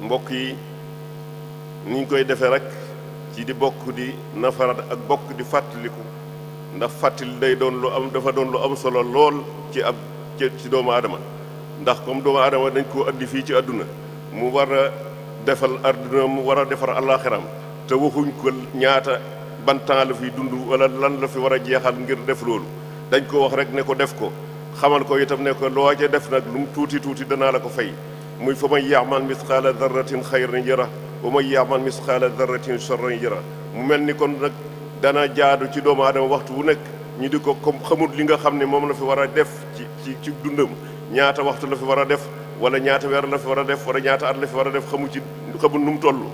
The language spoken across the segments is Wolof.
mbokk yi niñ koy defee rek ci di bokk di nafaraat ak bokk di fàttaliku ndax fàttali day doon lu am dafa doon lu am solo lool ci ab ci doomu aadama ndax comme doomu aadama dañ koo andi fii ci àdduna mu war a defal àdduna mu war a defar àllaaxiram te waxuñ ko ñaata ban temps la fiy dund wala lan la fi war a jeexal ngir def loolu dañ ko wax rek ne ko def ko xamal ko itam ne ko loo ca def nag lu mu tuuti tuuti danaa la ko fay muy fa man yaamal misqaala darratin xayran yara wa man yaamal misqaala darratin charran yara mu mel ni kon nag dana jaadu ci doomu aadama waxtu wu nekk ñu di ko comme xamut li nga xam ne moom la fi war a def ci ci ci dundam ñaata waxtu la fi war a def wala ñaata weer la war a def wala ñaata at la war a def xamu ci xamul nu mu toll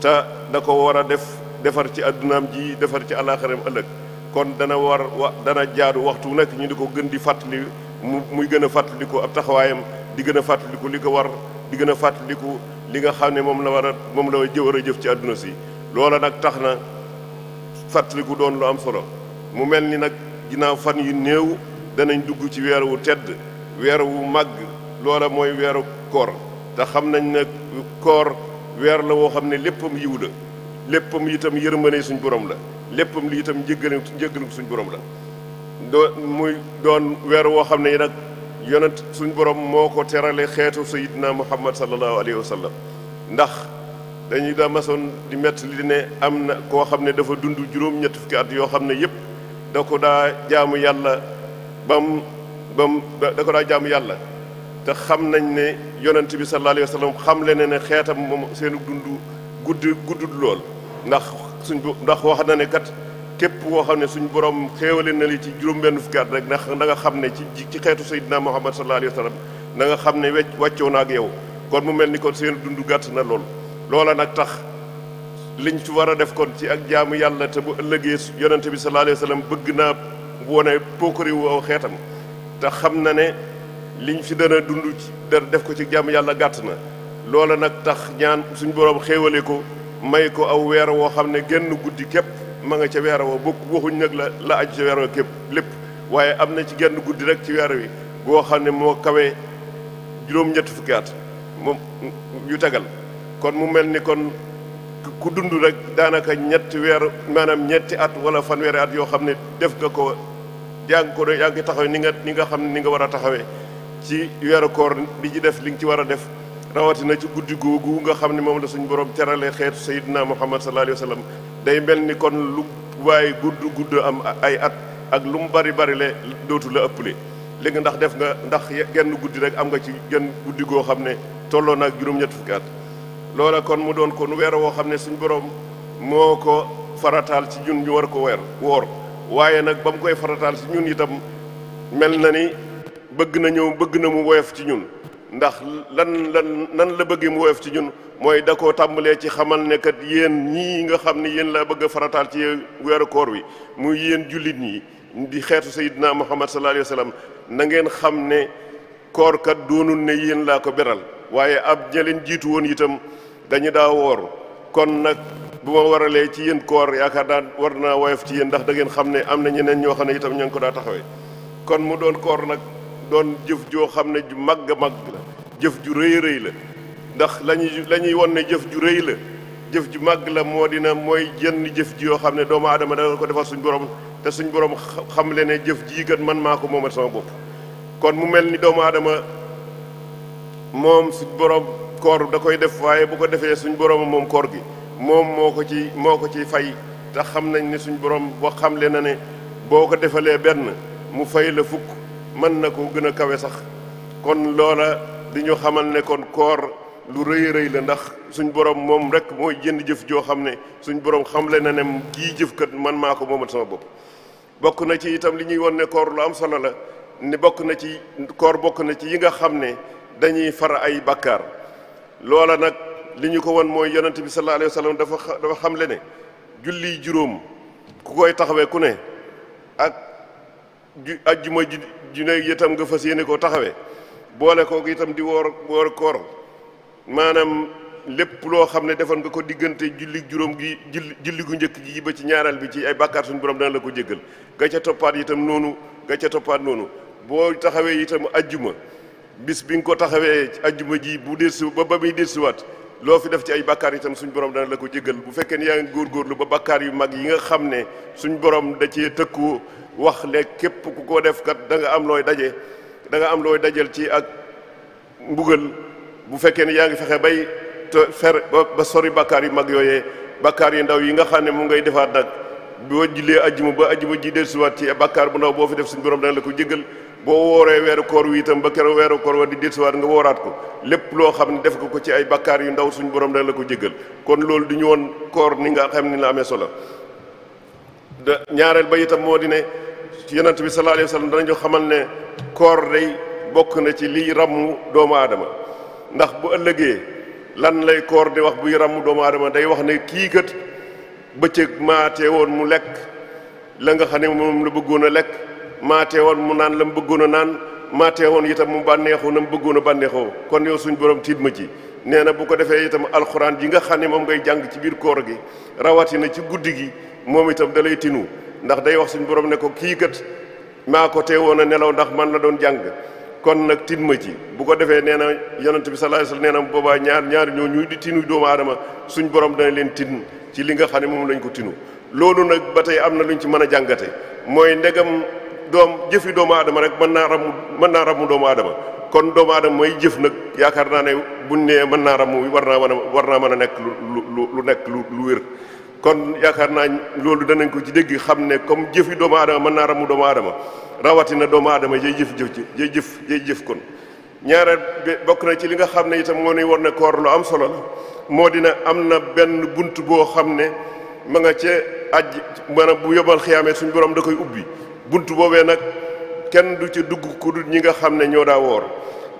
te da ko war a def defar ci addunaam ji defar ci àllaaxiram ëllëg kon dana wa dana jaadu waxtu wu nekk ñu di ko gën di fàttali mu muy gën a fàttaliku ab taxawaayam di gën a fàttaliku li ko war di gën a fàttaliku li nga xam ne moom la war a moom la war a jëf ci àdduna si loola nag tax na fàttaliku doon lu am solo mu mel ni nag ginnaaw fan yu néew danañ dugg ci weer wu tedd weer wu màgg loola mooy weeru koor te xam nañ ne koor weer la woo xam ne léppam yiw la léppam itam yërmande suñ borom la léppam li itam njëggale njëggale suñ borom la doo muy doon weer woo xam ne nag yonent suñ borom moo ko terale xeetu sayidina muhammad sallallahu alayhi wa sallam ndax dañuy da masoon di mett li ne am na koo xam ne dafa dund juróom-ñett fukki at yoo xam ne yëpp da ko daa jaamu yàlla bam bam da ko daa jaamu yàlla te xam nañ ne yonent bi sallallahu alayhi wa xam le ne ne xeetam moom seenu dund gudd gudd lool ndax suñ ndax wax na ne kat képp koo xam ne suñ borom xéewale na li ci juróom-benn fukki at rek ndax da xam ne ci ci xeetu Seydina Muhammad sallallahu alayhi wa sallam da nga xam ne wecc wàccoo na ak yow kon mu mel ni kon seen dund gàtt na lool loola nag tax liñ ci war a def kon ci ak jaamu yàlla te bu ëllëgee yonente bi sallallahu alayhi wa bëgg naa wone pookari wu aw xeetam te xam na ne liñ fi dana dund ci def ko ci jaamu yàlla gàtt na loola nag tax ñaan suñu boroom xéewalee ko may ko aw weer woo xam ne genn guddi képp ma nga ca weer wa bokk waxuñ nag la la aju ca weer képp lépp waaye am na ci genn guddi rek ci weer wi goo xam ne moo kawee juróom-ñett moom yu tegal kon mu mel ni kon ku dund rek daanaka ñetti weer maanaam ñetti at wala fanweeri at yoo xam ne def nga ko yaa ngi ko yaa ngi taxawe ni nga ni nga xam ne ni nga war a taxawee ci weeru koor di ci def li nga ci war a def rawatina ci guddi googu nga xam ne moom la suñu borom terale xeetu sayidina muhammad sallallahu alayhi wa sallam day mel ni kon lu waaye gudd gudd am ay at ak lu mu bari bari le dootu la ëppale léegi ndax def nga ndax genn guddi rek am nga ci genn guddi goo xam ne tolloo na ak juróom-ñett fukki at loola kon mu doon kon nu weer woo xam ne suñ borom moo ko farataal ci ñun ñu war ko weer woor waaye nag ba mu koy farataal ci ñun itam mel na ni bëgg na ñëw bëgg na mu woyof ci ñun ndax lan lan nan la bëggee mu woyof ci ñun mooy da koo tàmbalee ci xamal ne kat yéen ñii nga xam ne yéen laa bëgg a farataal ci weeru koor wi muy yéen jullit ñi di xeetu sayidina muhammad sallallahu alayhi wa sallam na ngeen xam ne koor kat doonul ne yéen laa ko beral waaye ab ña leen jiitu woon itam dañu daa woor kon nag bu ma waralee ci yéen koor yaakaar daan war naa woyof ci yéen ndax da ngeen xam ne am na ñeneen ñoo xam ne itam ñoo ngi ko daa taxawee kon mu doon koor nag doon jëf joo xam ne ju màgg a màgg jëf ju rëy rëy la ndax lañuy la ñuy won ne jëf ju rëy la jëf ju màgg la moo dina mooy jënn jëf ji yoo xam ne doomu aadama da ko defal suñu borom te suñ borom xam le ne jëf jii kat man maa ko moomal sama bopp kon mu mel ni doomu aadama moom suñ borom koor da koy def waaye bu ko defee suñ borom moom koor gi moom moo ko ci moo ko ci fay te xam nañ ne suñ borom wax xam le na ne boo ko defalee benn mu fay la fukk mën na ko gën a kawe sax kon loola di ñu xamal ne kon koor lu rëy rëy la ndax suñ borom moom rek mooy jënd jëf joo xam ne suñ borom xamle na ne kii jëf kat man maa ko moomal sama bopp. bokk na ci itam li ñuy won ne koor lu am solo la ne bokk na ci koor bokk na ci yi nga xam ne dañuy far ay bakkaar loola nag li ñu ko won mooy yonent bi sallallahu alayhi wa sallam dafa dafa xamle ne julli juróom ku koy taxawee ku ne ak ju ajjuma ju ne itam nga fas yéene koo taxawee. boole kooku itam di woor woor koor maanaam lépp loo xam ne defoon nga ko diggante julli juróom gi julli julli gu njëkk ji ba ci ñaareel bi ci ay bàkkaar suñu borom dana la ko jéggal nga ca toppaat itam noonu nga ca toppaat noonu boo taxawee itam ajjuma bis bi nga ko taxawee ajjuma ji bu delsi ba ba muy delsiwaat loo fi def ci ay bàkkaar itam suñu borom dana la ko jéggal bu fekkee ne yaa ngi góorgóorlu ba bàkkaar yu mag yi nga xam ne suñu borom da cee tëkku wax ne képp ku ko defkat kat da nga am looy daje danga am looy dajal ci ak mbugal bu fekkee ne yaa ngi fexe bay fer ba sori bakkaar yu mag yooyee bakkaar yu ndaw yi nga xam ne mu ngay defaat nag boo jullee ajjuma ba ajjuma ji dellusiwaat ci bakkaar bu ndaw boo fi def suñu borom dana la ko jéggal boo wooree weeru koor wi itam ba keroog weeru koor wa di dellusiwaat nga wooraat ko lépp loo xam ne def nga ko ci ay bakkaar yu ndaw suñu borom dana la ko jéggal kon loolu du ñu woon koor ni nga xam ni la amee solo ñaareel ba itam moo di ne yonent bi sallallahu alayhi wa sallam danañu xamal koor day bokk na ci liy ràmmu doomu aadama ndax bu ëllëgee lan lay koor di wax buy ràmmu doomu aadama day wax ne kii kat bëccëg maatee woon mu lekk la nga xam ne moom la bëggoon a lekk maatee woon mu naan la mu bëggoon a naan maatee woon itam mu bànneexu na mu bëggoon a bànneexoo kon yow suñ borom tiit ma ci nee na bu ko defee itam alxuraan ji nga xam ne moom ngay jàng ci biir koor gi rawatina ci guddi gi moom itam da lay tinu ndax day wax suñ borom ne kii kat maa ko woon a nelaw ndax man la doon jàng kon nag tin ma ci bu ko defee nee na yonent bi sallallahu alayhi nee na mu boobaa ñaar ñaari ñoo ñuy di tinu doomu adama suñ borom dana leen tin ci li nga xam ne moom lañ ko tinu loolu nag ba tey am na luñ ci mën a jàngate mooy ndegam doomu jëfi doomu aadama rek mën naa ramu mën naa ramu doomu aadama kon doomu aadama mooy jëf nag yaakaar naa ne buñ nee mën naa ramu war naa mën a war naa mën a nekk lu lu lu nekk lu lu wér kon yaakaar naa loolu danañ ko ci dégg xam ne comme jëfi yi doomu aadama mën naa ramu doomu aadama rawatina doomu aadama jay jëf jëf ci jay jëf jëf kon ñaareel bokk na ci li nga xam ne itam moo nuy war ne koor am solo la moo dina am na benn bunt boo xam ne ma nga ca aj maanaam bu yobal xiyaamee suñu borom da koy ubbi bunt boobee nag kenn du ci dugg ku dul ñi nga xam ne ñoo daa woor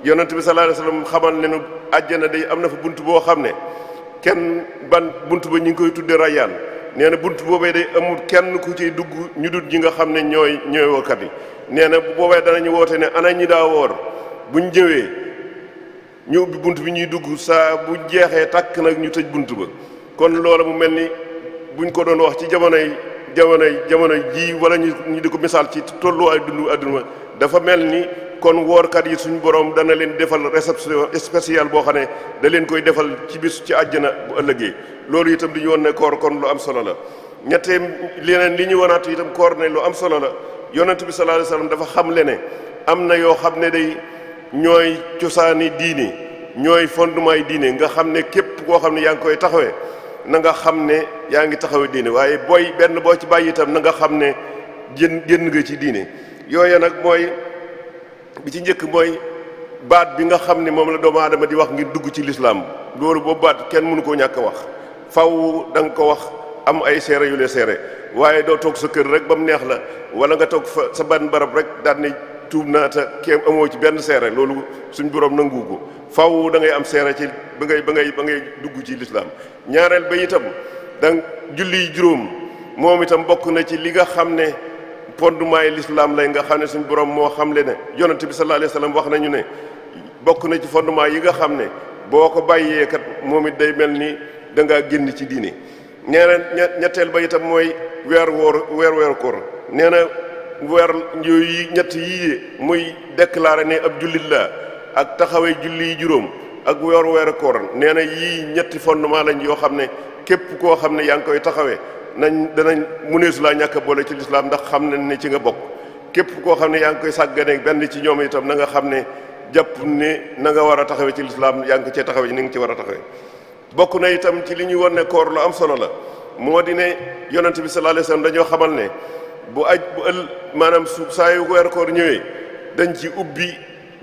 yonent bi sallallahu alayhi wasallam xamal ne nu àjjana day am na fa bunt boo xam ne kenn ban bunt ba ñu ngi koy tudde rayaan nee na bunt boobee day amul kenn ku ciy dugg ñu dut ji nga xam ne ñooy ñooy woorkat yi nee na bu boobee danañu woote ne ana ñi daa woor buñ ñëwee ñu ubbi bunt bi ñuy dugg saa bu jeexee tàkk nag ñu tëj bunt ba kon loola mu mel ni buñ ko doon wax ci jamonoy jamonoy jamono jii wala ñu ñu di ko misaal ci tolluwaay dundu àdduna dafa mel ni kon woorkat yi suñu borom dana leen defal réception spéciale boo xam ne da leen koy defal ci bis ci àjjana bu ëllëgee loolu itam di ñu woon kon lu am solo la ñetteem leneen li ñu wanaat itam koor ne lu am solo la yonent bi sallallahu alayhi wasallam dafa xam le am na yoo xam ne day ñooy cosaani diine ñooy fondement yi diine nga xam ne képp koo xam ne yaa ngi koy taxawee na nga xam ne yaa ngi taxawee diine waaye booy benn boo ci bàyyi itam na nga xam ne jën jënd nga ci diine yooya nag mooy bi ci njëkk mooy baat bi nga xam ne moom la doomu aadama di wax ngir dugg ci lislaam loolu boobu baat kenn mënu koo ñàkk wax faw da nga ko wax am ay seere yu lee seere waaye doo toog sa kër rek ba mu neex la wala nga toog fa sa ban barab rek daan ne tuub naa te amoo ci benn seere loolu suñ borom nangu ko faw dangay am seere ci ba ngay ba ngay ba ngay dugg ci lislaam ñaareel ba itam da julli juróom moom itam bokk na ci li nga xam ne fondement yi lislaam lay nga xam ne suñu borom moo le ne yonent bi sallallahu alayhi wa sallam wax nañu ne bokk na ci fondement yi nga xam ne boo ko bàyyee kat moom it day mel ni da ngaa génn ci diine nee na ñetteel ba itam mooy weer woor weer weeru koor nee weer yooyu ñett yii muy déclaré ne ab jullit ak taxawee julli juróom ak weer weeru nee na yii ñetti fondement lañ yoo xam ne képp koo xam ne yaa ngi koy taxawee nañ danañ muneesu laa ñàkk boole ci lislaam ndax xam nañ ne ci nga bokk képp koo xam ne yaa ngi koy sàgganee benn ci ñoom itam na nga xam ne jàpp ne na nga war a taxawee ci lislaam yaa ngi cee taxawee ni nga ci war a taxawee bokk na itam ci li ñuy won ne koor lu am solo la moo di ne yonent bi sallallahu alayhi wasallam dañoo xamal ne bu aj bu ël maanaam su saa yu koor ñëwee dañ ci ubbi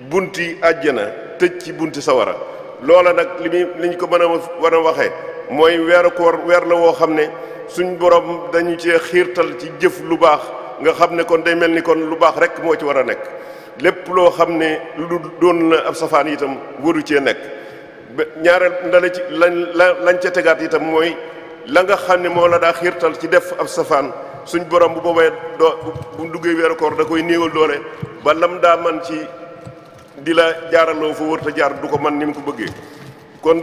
bunti àjjana tëj ci bunti sawara loola nag li muy li ñu ko mën a war a waxee mooy weeru koor weer la woo xam ne suñ borom dañu cee xiirtal ci jëf lu baax nga xam ne kon day mel ni kon lu baax rek moo ci war a nekk lépp loo xam ne lu doon la ab safaan itam waru cee nekk ñaareel ndale ci lañ lañ ca tegaat itam mooy la nga xam ne moo la daa xiirtal ci def ab safaan suñ borom bu boobee doo bu duggee weeru koor da koy néewal doole ba lam daa man ci di la jaaraloo fa wërta jaar du ko man ni mu ko bëggee kon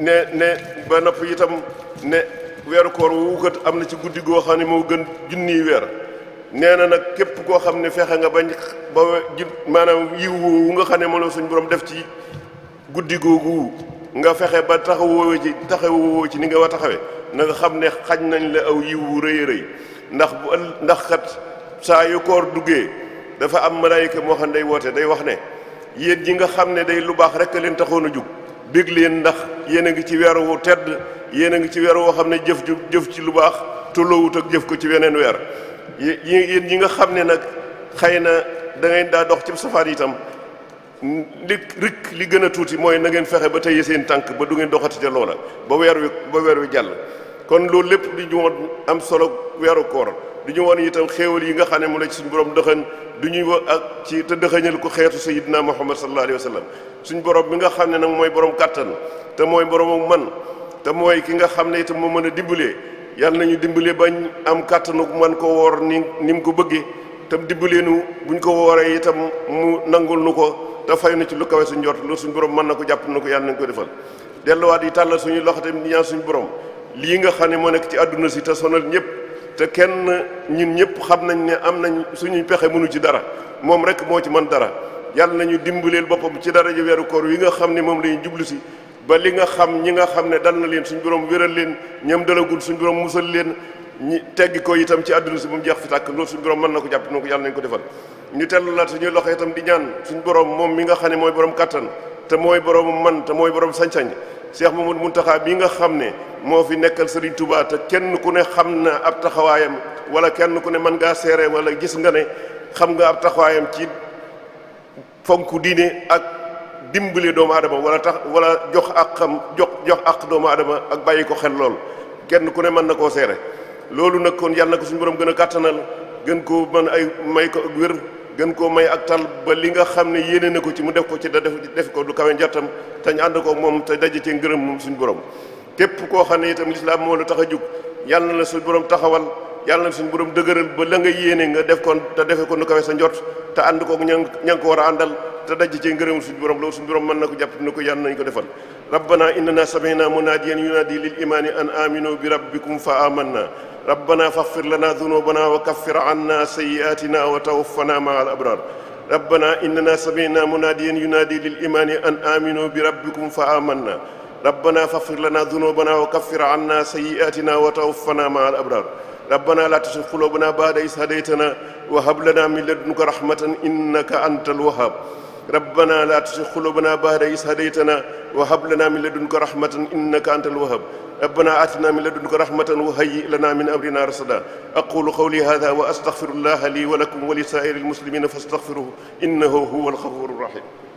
ne ne ba nopp itam ne weeru koor woowu kat am na ci guddi goo xam ne moo gën junniy weer nee na nag képp koo xam ne fexe nga bañ ba ji maanaam yiw wu nga xam ne moom la suñu borom def ci guddi googu nga fexe ba taxawoo ci taxawoo ci ni nga war taxawee na xam ne xañ nañ la aw yiw wu rëy rëy ndax bu ël ndax kat saa yu koor duggee dafa am malaayika moo xam ne day woote day wax ne yéen ji nga xam ne day lu baax rek leen taxoon a jug. bég leen ndax yéen a ngi ci weer wu tedd yéen a ngi ci weer woo xam ne jëf ju jëf ci lu baax tolloowut ak jëf ko ci weneen weer yéen yi nga xam ne nag xëy na da daa dox ci safaan itam li rikk li gën a tuuti mooy na ngeen fexe ba tey seen tànk ba du ngeen doxati ca loola ba weer wi ba weer wi jàll kon loolu lépp di ñu am solo weeru koor di ñu woon itam xéewal yi nga xam ne mu la ci suñu borom dëxën du ñuy wa ak ci te dëxëñal ko xeetu sayidina muhammad sallallahu alayhi wa sallam suñ borom bi nga xam ne nag mooy borom kàttan te mooy borom man te mooy ki nga xam ne itam moo mën a dimbalee yàlla nañu dimbalee bañ am kàttanu man ko woor ni ni mu ko bëggee te dimbalee nu buñ ko wooree itam mu nangul nu ko te fay na ci lu kawe suñ jot loolu suñ borom mën na ko jàpp na ko yàlla nañ ko defal delluwaat yi tàllal suñuy loxo tamit ñaan suñu borom lii nga xam ne moo nekk ci àdduna si te sonal ñëpp te kenn ñun ñëpp xam nañ ne am nañ suñuy pexe mënu ci dara moom rek moo ci mën dara yàlla nañu dimbaleel boppam ci dara ji weeru koor wi nga xam ni moom lañu jublu si ba li nga xam ñi nga xam ne dal na leen suñu borom wéral leen ñoom dalagul suñu borom musal leen ñi teggi ko itam ci àdduna si bu jeex fi tàkk loolu suñu borom mën na ko jàpp noo ko yàlla nañ ko defal ñu tellu laat ñuy loxo itam di ñaan suñu borom moom mi nga xam ne mooy borom kattan te mooy borom man te mooy borom sañ-sañ Cheikh mun Mountakha bii nga xam ne moo fi nekkal sa Touba te kenn ku ne xam na ab taxawaayam wala kenn ku ne mën ngaa seere wala gis nga ne xam nga ab taxawaayam ci fonk diine ak dimbali doomu aadama wala tax wala jox ak xam jox jox ak doomu aadama ak bàyyi ko xel lool kenn ku ne mën na koo seere loolu nag koon yàlla na ko suñu borom gën a kàttanal gën koo mën ay may ko ak wér. gën koo may ak tal ba li nga xam ne yéene na ko ci mu def ko ci da def def ko du kawe njattam te ñu ànd ko moom te daje ci ngërëm moom suñu borom képp koo xam ne itam lislaam moo la tax a jug yàlla na la suñu borom taxawal yàlla na suñu borom dëgëral ba la nga yéene nga def ko te defe ko nu kawe sa njot te ànd ko ña ña ko war a àndal te daje ci ngërëm suñu borom loolu suñu borom mën na ko jàpp na ko yàlla nañ ko defal rabbana innana naa munadiyan yunadi lil imani an aminu bi rabbikum fa amanna ربنا فاغفر لنا ذنوبنا وكفر عنا سيئاتنا وتوفنا مع الأبرار ربنا إننا سمعنا مناديا ينادي للإيمان أن آمنوا بربكم فآمنا ربنا فاغفر لنا ذنوبنا وكفر عنا سيئاتنا وتوفنا مع الأبرار ربنا لا تزغ قلوبنا بعد إذ هديتنا وهب لنا من لدنك رحمة إنك أنت الوهاب ربنا لا تزغ قلوبنا بعد إذ هديتنا وهب لنا من لدنك رحمة إنك أنت الوهاب ربنا آتنا من لدنك رحمة وهيئ لنا من أمرنا رشدا أقول قولي هذا وأستغفر الله لي ولكم ولسائر المسلمين فاستغفروه إنه هو الغفور الرحيم